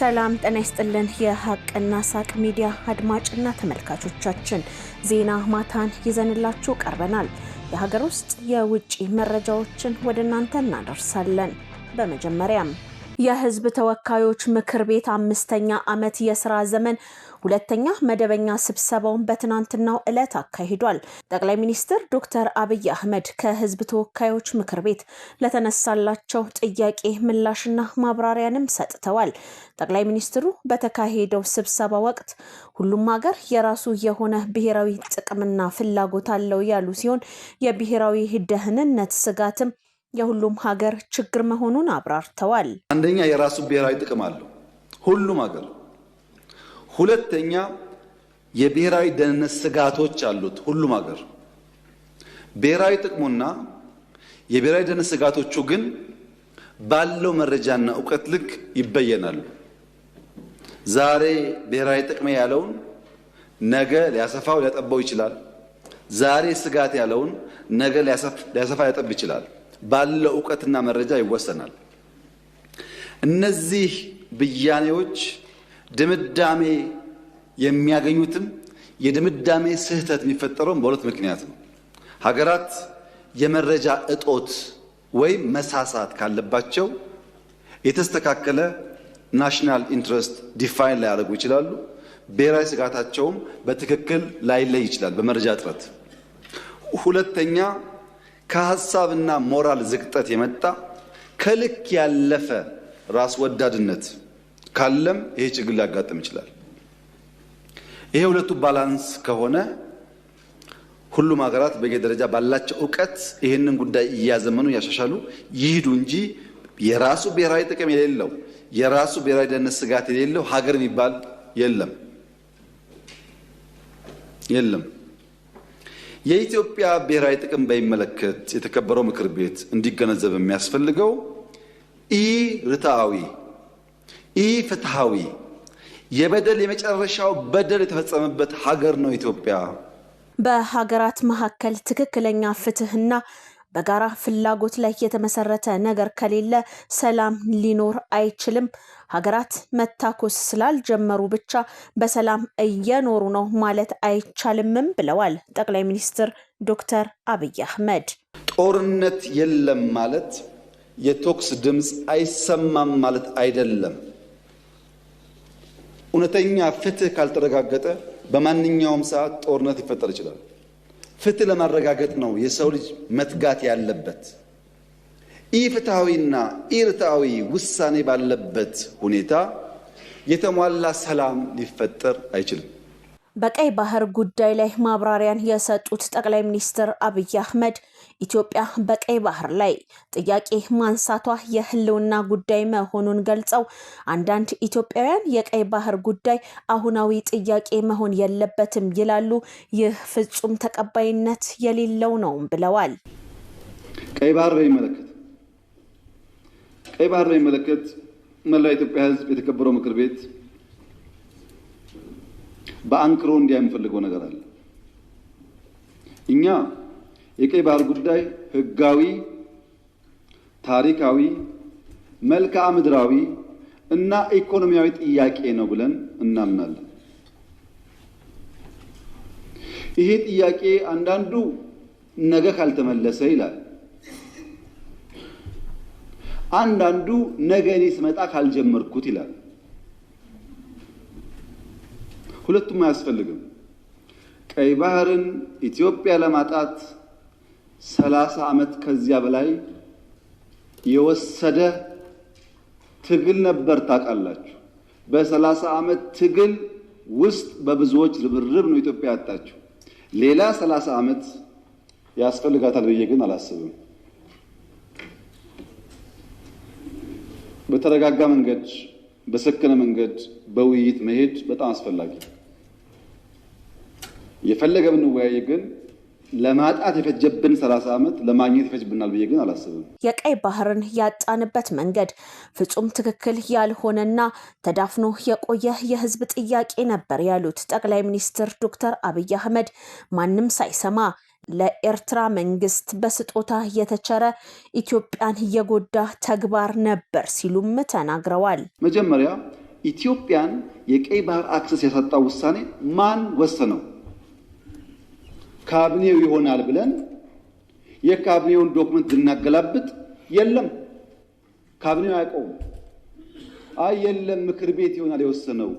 ሰላም ጤና ይስጥልን። የሀቅና ሳቅ ሚዲያ አድማጭና ተመልካቾቻችን ዜና ማታን ይዘንላችሁ ቀርበናል። የሀገር ውስጥ የውጭ መረጃዎችን ወደ እናንተ እናደርሳለን። በመጀመሪያም የህዝብ ተወካዮች ምክር ቤት አምስተኛ ዓመት የስራ ዘመን ሁለተኛ መደበኛ ስብሰባውን በትናንትናው ዕለት አካሂዷል። ጠቅላይ ሚኒስትር ዶክተር አብይ አህመድ ከህዝብ ተወካዮች ምክር ቤት ለተነሳላቸው ጥያቄ ምላሽና ማብራሪያንም ሰጥተዋል። ጠቅላይ ሚኒስትሩ በተካሄደው ስብሰባ ወቅት ሁሉም ሀገር የራሱ የሆነ ብሔራዊ ጥቅምና ፍላጎት አለው ያሉ ሲሆን የብሔራዊ ደህንነት ስጋትም የሁሉም ሀገር ችግር መሆኑን አብራርተዋል። አንደኛ የራሱ ብሔራዊ ጥቅም አለው ሁሉም ሀገር ሁለተኛ የብሔራዊ ደህንነት ስጋቶች አሉት ሁሉም ሀገር። ብሔራዊ ጥቅሙና የብሔራዊ ደህንነት ስጋቶቹ ግን ባለው መረጃና እውቀት ልክ ይበየናሉ። ዛሬ ብሔራዊ ጥቅሜ ያለውን ነገ ሊያሰፋው ሊያጠባው ይችላል። ዛሬ ስጋት ያለውን ነገ ሊያሰፋ ሊያጠብ ይችላል። ባለው እውቀትና መረጃ ይወሰናል። እነዚህ ብያኔዎች ድምዳሜ የሚያገኙትም የድምዳሜ ስህተት የሚፈጠረውም በሁለት ምክንያት ነው። ሀገራት የመረጃ እጦት ወይም መሳሳት ካለባቸው የተስተካከለ ናሽናል ኢንትረስት ዲፋይን ላያደርጉ ይችላሉ። ብሔራዊ ስጋታቸውም በትክክል ላይለይ ይችላል በመረጃ እጥረት። ሁለተኛ ከሀሳብና ሞራል ዝቅጠት የመጣ ከልክ ያለፈ ራስ ወዳድነት ካለም ይሄ ችግር ሊያጋጥም ይችላል። ይሄ ሁለቱ ባላንስ ከሆነ ሁሉም ሀገራት በየደረጃ ባላቸው እውቀት ይህንን ጉዳይ እያዘመኑ እያሻሻሉ ይሂዱ እንጂ የራሱ ብሔራዊ ጥቅም የሌለው የራሱ ብሔራዊ ደህንነት ስጋት የሌለው ሀገር የሚባል የለም የለም። የኢትዮጵያ ብሔራዊ ጥቅም በሚመለከት የተከበረው ምክር ቤት እንዲገነዘብ የሚያስፈልገው ርታዊ ይህ ፍትሐዊ የበደል የመጨረሻው በደል የተፈጸመበት ሀገር ነው ኢትዮጵያ። በሀገራት መካከል ትክክለኛ ፍትህና በጋራ ፍላጎት ላይ የተመሰረተ ነገር ከሌለ ሰላም ሊኖር አይችልም። ሀገራት መታኮስ ስላልጀመሩ ብቻ በሰላም እየኖሩ ነው ማለት አይቻልምም ብለዋል ጠቅላይ ሚኒስትር ዶክተር አብይ አህመድ። ጦርነት የለም ማለት የቶክስ ድምፅ አይሰማም ማለት አይደለም። እውነተኛ ፍትህ ካልተረጋገጠ በማንኛውም ሰዓት ጦርነት ሊፈጠር ይችላል። ፍትህ ለማረጋገጥ ነው የሰው ልጅ መትጋት ያለበት። ኢፍትሐዊና ኢርትዓዊ ውሳኔ ባለበት ሁኔታ የተሟላ ሰላም ሊፈጠር አይችልም። በቀይ ባህር ጉዳይ ላይ ማብራሪያን የሰጡት ጠቅላይ ሚኒስትር አብይ አህመድ ኢትዮጵያ በቀይ ባህር ላይ ጥያቄ ማንሳቷ የህልውና ጉዳይ መሆኑን ገልጸው አንዳንድ ኢትዮጵያውያን የቀይ ባህር ጉዳይ አሁናዊ ጥያቄ መሆን የለበትም ይላሉ። ይህ ፍጹም ተቀባይነት የሌለው ነውም ብለዋል። ቀይ ባህር በሚመለከት ቀይ ባህር በሚመለከት መላ ኢትዮጵያ ህዝብ የተከበረው ምክር ቤት በአንክሮ እንዲያ የምፈልገው ነገር አለ እኛ የቀይ ባህር ጉዳይ ህጋዊ፣ ታሪካዊ፣ መልክዓ ምድራዊ እና ኢኮኖሚያዊ ጥያቄ ነው ብለን እናምናለን። ይሄ ጥያቄ አንዳንዱ ነገ ካልተመለሰ ይላል፣ አንዳንዱ ነገ እኔ ስመጣ ካልጀመርኩት ይላል። ሁለቱም አያስፈልግም። ቀይ ባህርን ኢትዮጵያ ለማጣት ሰላሳ ዓመት ከዚያ በላይ የወሰደ ትግል ነበር። ታውቃላችሁ፣ በሰላሳ ዓመት ትግል ውስጥ በብዙዎች ርብርብ ነው ኢትዮጵያ ያጣችው። ሌላ ሰላሳ ዓመት ያስፈልጋታል ብዬ ግን አላስብም። በተረጋጋ መንገድ፣ በሰከነ መንገድ፣ በውይይት መሄድ በጣም አስፈላጊ የፈለገ ብንወያይ ግን ለማጣት የፈጀብን 30 ዓመት ለማግኘት ይፈጅብናል ብዬ ግን አላስብም። የቀይ ባህርን ያጣንበት መንገድ ፍጹም ትክክል ያልሆነና ተዳፍኖ የቆየ የህዝብ ጥያቄ ነበር ያሉት ጠቅላይ ሚኒስትር ዶክተር አብይ አህመድ ማንም ሳይሰማ ለኤርትራ መንግስት በስጦታ የተቸረ ኢትዮጵያን የጎዳ ተግባር ነበር ሲሉም ተናግረዋል። መጀመሪያ ኢትዮጵያን የቀይ ባህር አክሰስ ያሳጣው ውሳኔ ማን ወሰነው? ካቢኔው ይሆናል ብለን የካቢኔውን ዶክመንት ብናገላብጥ የለም፣ ካቢኔው አያውቀውም። አይ የለም ምክር ቤት ይሆናል የወሰነው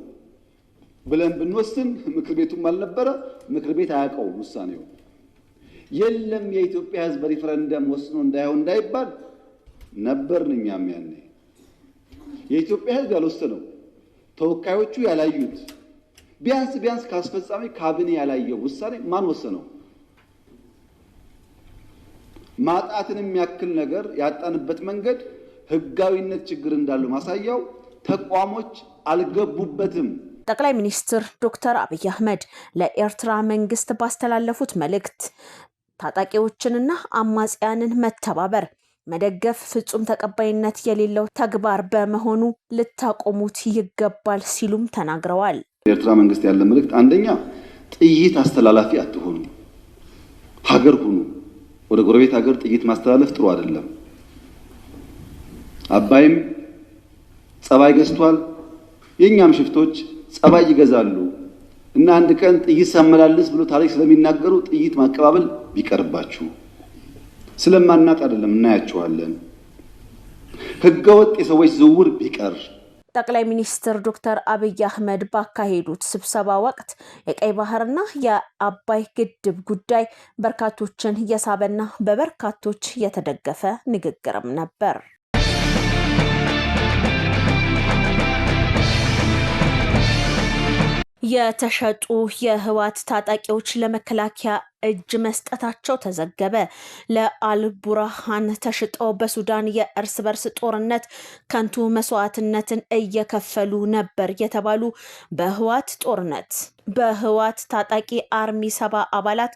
ብለን ብንወስን ምክር ቤቱም አልነበረ፣ ምክር ቤት አያውቀውም ውሳኔው። የለም የኢትዮጵያ ሕዝብ በሪፈረንደም ወስኖ እንዳይሆን እንዳይባል ነበርን እኛም ያኔ። የኢትዮጵያ ሕዝብ ያልወሰነው ተወካዮቹ ያላዩት ቢያንስ ቢያንስ ከአስፈጻሚ ካቢኔ ያላየው ውሳኔ ማን ወሰነው? ማጣትን የሚያክል ነገር ያጣንበት መንገድ ህጋዊነት ችግር እንዳለው ማሳያው ተቋሞች አልገቡበትም። ጠቅላይ ሚኒስትር ዶክተር አብይ አህመድ ለኤርትራ መንግስት ባስተላለፉት መልእክት ታጣቂዎችንና አማጽያንን መተባበር መደገፍ ፍጹም ተቀባይነት የሌለው ተግባር በመሆኑ ልታቆሙት ይገባል ሲሉም ተናግረዋል። ኤርትራ መንግስት ያለ መልእክት አንደኛ ጥይት አስተላላፊ አትሆኑ፣ ሀገር ሁኑ ወደ ጎረቤት ሀገር ጥይት ማስተላለፍ ጥሩ አይደለም። አባይም ጸባይ ገዝቷል። የእኛም ሽፍቶች ጸባይ ይገዛሉ እና አንድ ቀን ጥይት ሳመላልስ ብሎ ታሪክ ስለሚናገሩ ጥይት ማቀባበል ቢቀርባችሁ ስለማናቅ አይደለም እናያችኋለን። ህገወጥ የሰዎች ዝውውር ቢቀር ጠቅላይ ሚኒስትር ዶክተር አብይ አህመድ ባካሄዱት ስብሰባ ወቅት የቀይ ባህርና የአባይ ግድብ ጉዳይ በርካቶችን እየሳበና በበርካቶች የተደገፈ ንግግርም ነበር። የተሸጡ የህወሓት ታጣቂዎች ለመከላከያ እጅ መስጠታቸው ተዘገበ። ለአልቡርሃን ተሽጠው በሱዳን የእርስ በርስ ጦርነት ከንቱ መስዋዕትነትን እየከፈሉ ነበር የተባሉ በህወሓት ጦርነት በህዋት ታጣቂ አርሚ ሰባ አባላት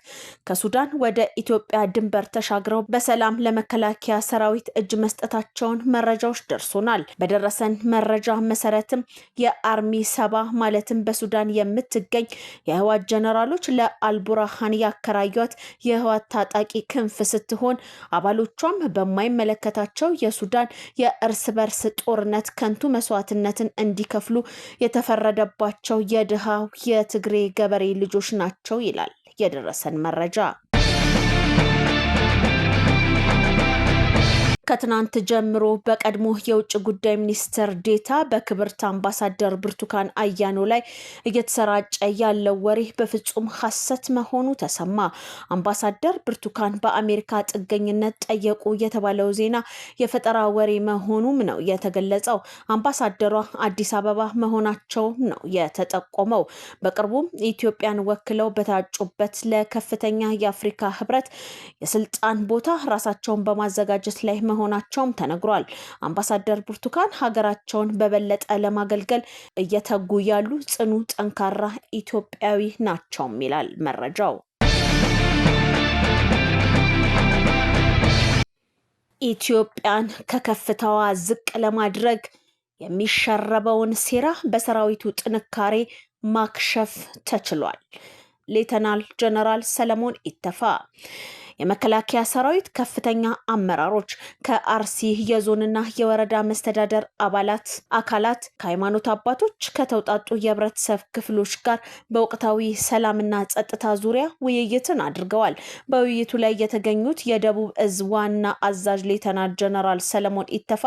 ከሱዳን ወደ ኢትዮጵያ ድንበር ተሻግረው በሰላም ለመከላከያ ሰራዊት እጅ መስጠታቸውን መረጃዎች ደርሶናል። በደረሰን መረጃ መሰረትም የአርሚ ሰባ ማለትም በሱዳን የምትገኝ የህዋት ጀነራሎች ለአልቡርሃን ያከራዩት የህዋት ታጣቂ ክንፍ ስትሆን አባሎቿም በማይመለከታቸው የሱዳን የእርስ በርስ ጦርነት ከንቱ መስዋዕትነትን እንዲከፍሉ የተፈረደባቸው የድሃው የት የትግሬ ገበሬ ልጆች ናቸው ይላል የደረሰን መረጃ። ከትናንት ጀምሮ በቀድሞ የውጭ ጉዳይ ሚኒስትር ዴታ በክብርት አምባሳደር ብርቱካን አያኖ ላይ እየተሰራጨ ያለው ወሬ በፍጹም ሐሰት መሆኑ ተሰማ። አምባሳደር ብርቱካን በአሜሪካ ጥገኝነት ጠየቁ የተባለው ዜና የፈጠራ ወሬ መሆኑም ነው የተገለጸው። አምባሳደሯ አዲስ አበባ መሆናቸውም ነው የተጠቆመው። በቅርቡም ኢትዮጵያን ወክለው በታጩበት ለከፍተኛ የአፍሪካ ህብረት የስልጣን ቦታ ራሳቸውን በማዘጋጀት ላይ መሆናቸውም ተነግሯል። አምባሳደር ብርቱካን ሀገራቸውን በበለጠ ለማገልገል እየተጉ ያሉ ጽኑ፣ ጠንካራ ኢትዮጵያዊ ናቸውም ይላል መረጃው። ኢትዮጵያን ከከፍታዋ ዝቅ ለማድረግ የሚሸረበውን ሴራ በሰራዊቱ ጥንካሬ ማክሸፍ ተችሏል። ሌተናል ጀነራል ሰለሞን ኢተፋ የመከላከያ ሰራዊት ከፍተኛ አመራሮች ከአርሲ የዞንና የወረዳ መስተዳደር አባላት አካላት ከሃይማኖት አባቶች ከተውጣጡ የህብረተሰብ ክፍሎች ጋር በወቅታዊ ሰላምና ጸጥታ ዙሪያ ውይይትን አድርገዋል። በውይይቱ ላይ የተገኙት የደቡብ እዝ ዋና አዛዥ ሌተናል ጀነራል ሰለሞን ኢተፋ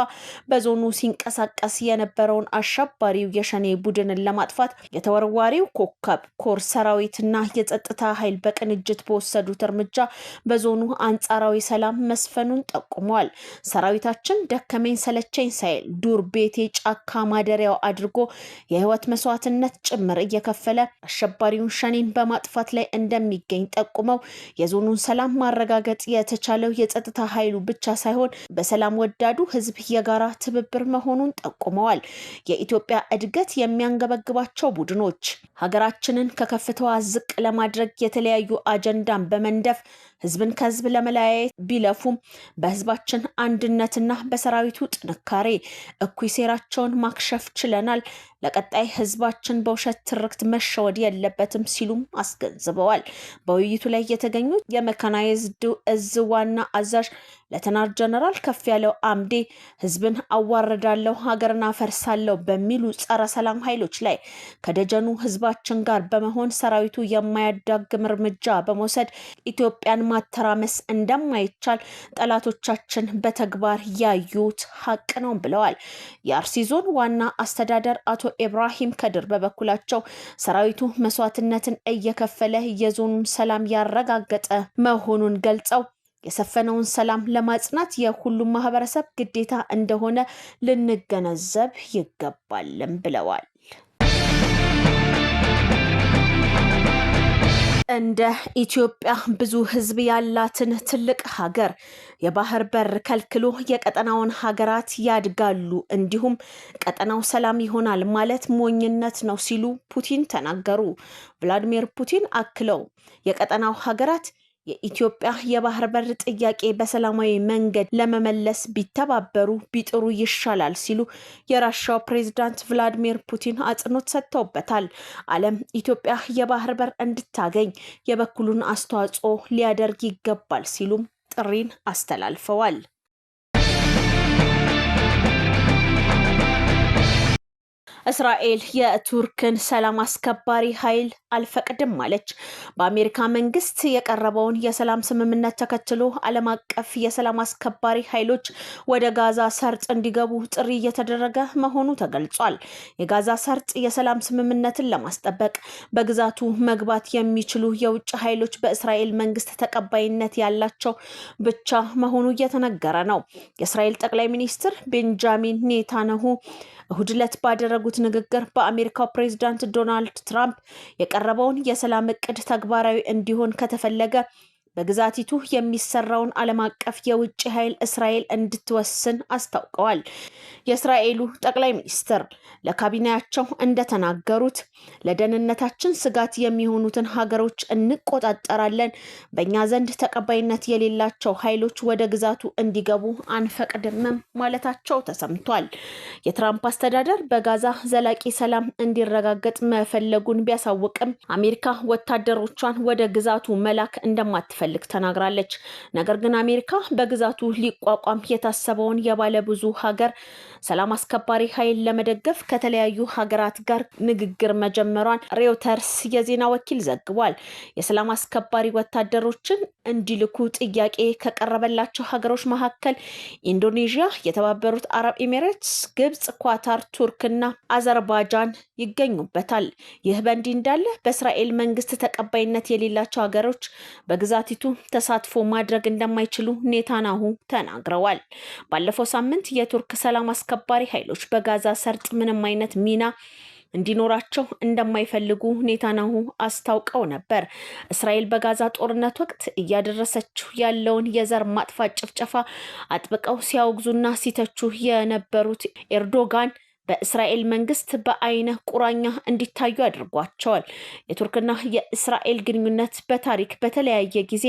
በዞኑ ሲንቀሳቀስ የነበረውን አሸባሪው የሸኔ ቡድንን ለማጥፋት የተወርዋሪው ኮከብ ኮር ሰራዊትና የጸጥታ ኃይል በቅንጅት በወሰዱት እርምጃ በዞኑ አንጻራዊ ሰላም መስፈኑን ጠቁመዋል። ሰራዊታችን ደከመኝ ሰለቸኝ ሳይል ዱር ቤቴ ጫካ ማደሪያው አድርጎ የህይወት መስዋዕትነት ጭምር እየከፈለ አሸባሪውን ሸኔን በማጥፋት ላይ እንደሚገኝ ጠቁመው የዞኑን ሰላም ማረጋገጥ የተቻለው የጸጥታ ኃይሉ ብቻ ሳይሆን በሰላም ወዳዱ ህዝብ የጋራ ትብብር መሆኑን ጠቁመዋል። የኢትዮጵያ እድገት የሚያንገበግባቸው ቡድኖች ሀገራችንን ከከፍተዋ ዝቅ ለማድረግ የተለያዩ አጀንዳን በመንደፍ ህዝብን ከህዝብ ለመለያየት ቢለፉም በህዝባችን አንድነትና በሰራዊቱ ጥንካሬ እኩይ ሴራቸውን ማክሸፍ ችለናል። ለቀጣይ ህዝባችን በውሸት ትርክት መሸወድ የለበትም ሲሉም አስገንዝበዋል። በውይይቱ ላይ የተገኙት የመካናይዝድ እዝ ዋና አዛዥ ለተናር ጀነራል ከፍ ያለው አምዴ ህዝብን አዋረዳለሁ ሀገርን አፈርሳለሁ በሚሉ ጸረ ሰላም ኃይሎች ላይ ከደጀኑ ህዝባችን ጋር በመሆን ሰራዊቱ የማያዳግም እርምጃ በመውሰድ ኢትዮጵያን ማተራመስ እንደማይቻል ጠላቶቻችን በተግባር ያዩት ሀቅ ነው ብለዋል። የአርሲ ዞን ዋና አስተዳደር አቶ ኢብራሂም ከድር በበኩላቸው ሰራዊቱ መስዋዕትነትን እየከፈለ የዞኑን ሰላም ያረጋገጠ መሆኑን ገልጸው የሰፈነውን ሰላም ለማጽናት የሁሉም ማህበረሰብ ግዴታ እንደሆነ ልንገነዘብ ይገባልም ብለዋል። እንደ ኢትዮጵያ ብዙ ሕዝብ ያላትን ትልቅ ሀገር የባህር በር ከልክሎ የቀጠናውን ሀገራት ያድጋሉ እንዲሁም ቀጠናው ሰላም ይሆናል ማለት ሞኝነት ነው ሲሉ ፑቲን ተናገሩ። ቭላዲሚር ፑቲን አክለው የቀጠናው ሀገራት የኢትዮጵያ የባህር በር ጥያቄ በሰላማዊ መንገድ ለመመለስ ቢተባበሩ ቢጥሩ ይሻላል ሲሉ የራሻው ፕሬዚዳንት ቭላዲሚር ፑቲን አጽንኦት ሰጥተውበታል። ዓለም ኢትዮጵያ የባህር በር እንድታገኝ የበኩሉን አስተዋጽኦ ሊያደርግ ይገባል ሲሉም ጥሪን አስተላልፈዋል። እስራኤል የቱርክን ሰላም አስከባሪ ኃይል አልፈቅድም አለች። በአሜሪካ መንግስት የቀረበውን የሰላም ስምምነት ተከትሎ ዓለም አቀፍ የሰላም አስከባሪ ኃይሎች ወደ ጋዛ ሰርጥ እንዲገቡ ጥሪ እየተደረገ መሆኑ ተገልጿል። የጋዛ ሰርጥ የሰላም ስምምነትን ለማስጠበቅ በግዛቱ መግባት የሚችሉ የውጭ ኃይሎች በእስራኤል መንግስት ተቀባይነት ያላቸው ብቻ መሆኑ እየተነገረ ነው። የእስራኤል ጠቅላይ ሚኒስትር ቤንጃሚን ኔታንያሁ እሁድ ዕለት ባደረጉት ንግግር በአሜሪካው ፕሬዚዳንት ዶናልድ ትራምፕ የቀረበውን የሰላም እቅድ ተግባራዊ እንዲሆን ከተፈለገ በግዛቲቱ የሚሰራውን ዓለም አቀፍ የውጭ ኃይል እስራኤል እንድትወስን አስታውቀዋል። የእስራኤሉ ጠቅላይ ሚኒስትር ለካቢኔያቸው እንደተናገሩት ለደህንነታችን ስጋት የሚሆኑትን ሀገሮች እንቆጣጠራለን፣ በእኛ ዘንድ ተቀባይነት የሌላቸው ኃይሎች ወደ ግዛቱ እንዲገቡ አንፈቅድምም ማለታቸው ተሰምቷል። የትራምፕ አስተዳደር በጋዛ ዘላቂ ሰላም እንዲረጋገጥ መፈለጉን ቢያሳውቅም አሜሪካ ወታደሮቿን ወደ ግዛቱ መላክ እንደማትፈ እንደማትፈልግ ተናግራለች። ነገር ግን አሜሪካ በግዛቱ ሊቋቋም የታሰበውን የባለ ብዙ ሀገር ሰላም አስከባሪ ኃይል ለመደገፍ ከተለያዩ ሀገራት ጋር ንግግር መጀመሯን ሬውተርስ የዜና ወኪል ዘግቧል። የሰላም አስከባሪ ወታደሮችን እንዲልኩ ጥያቄ ከቀረበላቸው ሀገሮች መካከል ኢንዶኔዥያ፣ የተባበሩት አረብ ኤሚሬትስ፣ ግብፅ ኳታር፣ ቱርክና አዘርባጃን ይገኙበታል። ይህ በእንዲህ እንዳለ በእስራኤል መንግስት ተቀባይነት የሌላቸው ሀገሮች በግዛት በፓርቲቱ ተሳትፎ ማድረግ እንደማይችሉ ኔታናሁ ተናግረዋል። ባለፈው ሳምንት የቱርክ ሰላም አስከባሪ ኃይሎች በጋዛ ሰርጥ ምንም አይነት ሚና እንዲኖራቸው እንደማይፈልጉ ኔታናሁ አስታውቀው ነበር። እስራኤል በጋዛ ጦርነት ወቅት እያደረሰችው ያለውን የዘር ማጥፋት ጭፍጨፋ አጥብቀው ሲያወግዙና ሲተቹ የነበሩት ኤርዶጋን በእስራኤል መንግስት በአይነ ቁራኛ እንዲታዩ አድርጓቸዋል። የቱርክና የእስራኤል ግንኙነት በታሪክ በተለያየ ጊዜ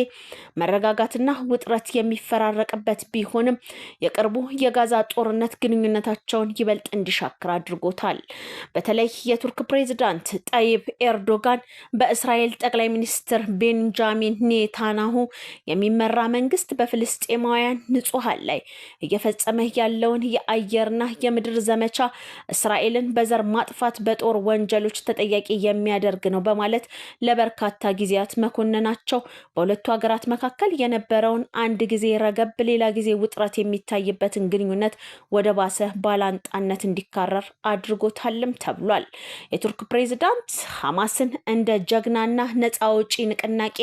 መረጋጋትና ውጥረት የሚፈራረቅበት ቢሆንም የቅርቡ የጋዛ ጦርነት ግንኙነታቸውን ይበልጥ እንዲሻክር አድርጎታል። በተለይ የቱርክ ፕሬዚዳንት ጠይብ ኤርዶጋን በእስራኤል ጠቅላይ ሚኒስትር ቤንጃሚን ኔታናሁ የሚመራ መንግስት በፍልስጤማውያን ንጹሐን ላይ እየፈጸመ ያለውን የአየርና የምድር ዘመቻ እስራኤልን በዘር ማጥፋት በጦር ወንጀሎች ተጠያቂ የሚያደርግ ነው በማለት ለበርካታ ጊዜያት መኮንናቸው በሁለቱ ሀገራት መካከል የነበረውን አንድ ጊዜ ረገብ፣ ሌላ ጊዜ ውጥረት የሚታይበትን ግንኙነት ወደ ባሰ ባላንጣነት እንዲካረር አድርጎታልም ተብሏል። የቱርክ ፕሬዚዳንት ሐማስን እንደ ጀግናና ነፃ አውጪ ንቅናቄ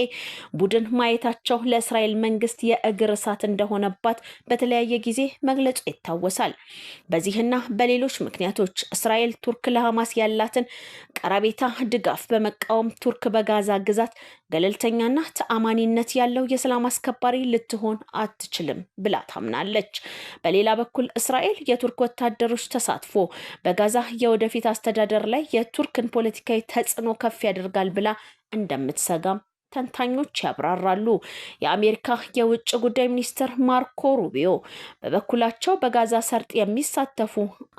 ቡድን ማየታቸው ለእስራኤል መንግስት የእግር እሳት እንደሆነባት በተለያየ ጊዜ መግለጹ ይታወሳል። በዚህና በሌሎች ምክንያቶች እስራኤል ቱርክ ለሐማስ ያላትን ቀረቤታ ድጋፍ በመቃወም ቱርክ በጋዛ ግዛት ገለልተኛና ተአማኒነት ያለው የሰላም አስከባሪ ልትሆን አትችልም ብላ ታምናለች። በሌላ በኩል እስራኤል የቱርክ ወታደሮች ተሳትፎ በጋዛ የወደፊት አስተዳደር ላይ የቱርክን ፖለቲካዊ ተጽዕኖ ከፍ ያደርጋል ብላ እንደምትሰጋም ተንታኞች ያብራራሉ። የአሜሪካ የውጭ ጉዳይ ሚኒስትር ማርኮ ሩቢዮ በበኩላቸው በጋዛ ሰርጥ የሚሳተፉ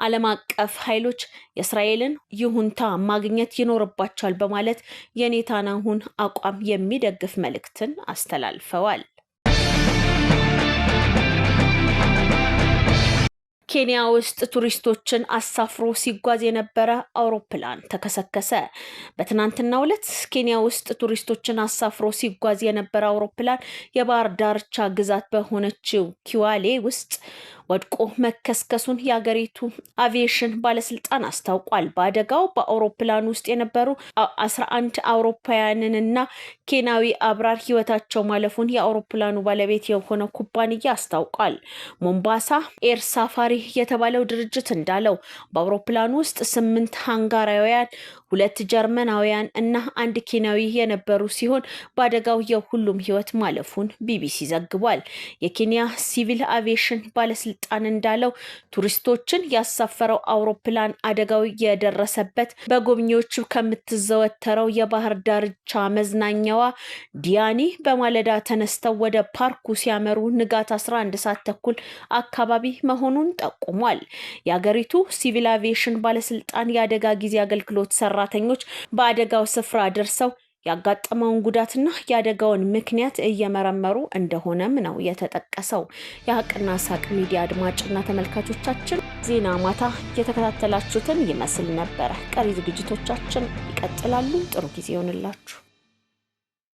ዓለም አቀፍ ኃይሎች የእስራኤልን ይሁንታ ማግኘት ይኖርባቸዋል በማለት የኔታናሁን አቋም የሚደግፍ መልእክትን አስተላልፈዋል። ኬንያ ውስጥ ቱሪስቶችን አሳፍሮ ሲጓዝ የነበረ አውሮፕላን ተከሰከሰ። በትናንትናው ዕለት ኬንያ ውስጥ ቱሪስቶችን አሳፍሮ ሲጓዝ የነበረ አውሮፕላን የባህር ዳርቻ ግዛት በሆነችው ኪዋሌ ውስጥ ወድቆ መከስከሱን የአገሪቱ አቪዬሽን ባለስልጣን አስታውቋል። በአደጋው በአውሮፕላን ውስጥ የነበሩ አስራ አንድ አውሮፓውያንንና ኬንያዊ አብራር ህይወታቸው ማለፉን የአውሮፕላኑ ባለቤት የሆነው ኩባንያ አስታውቋል። ሞምባሳ ኤር ሳፋሪ የተባለው ድርጅት እንዳለው በአውሮፕላን ውስጥ ስምንት ሃንጋራውያን ሁለት ጀርመናውያን እና አንድ ኬንያዊ የነበሩ ሲሆን በአደጋው የሁሉም ሕይወት ማለፉን ቢቢሲ ዘግቧል። የኬንያ ሲቪል አቪዬሽን ባለስልጣን እንዳለው ቱሪስቶችን ያሳፈረው አውሮፕላን አደጋው የደረሰበት በጎብኚዎቹ ከምትዘወተረው የባህር ዳርቻ መዝናኛዋ ዲያኒ በማለዳ ተነስተው ወደ ፓርኩ ሲያመሩ ንጋት 11 ሰዓት ተኩል አካባቢ መሆኑን ጠቁሟል። የአገሪቱ ሲቪል አቪዬሽን ባለስልጣን የአደጋ ጊዜ አገልግሎት ሰራ ሰራተኞች በአደጋው ስፍራ ደርሰው ያጋጠመውን ጉዳትና የአደጋውን ምክንያት እየመረመሩ እንደሆነም ነው የተጠቀሰው። የሀቅና ሳቅ ሚዲያ አድማጭና ተመልካቾቻችን ዜና ማታ እየተከታተላችሁትን ይመስል ነበረ። ቀሪ ዝግጅቶቻችን ይቀጥላሉ። ጥሩ ጊዜ ይሆንላችሁ።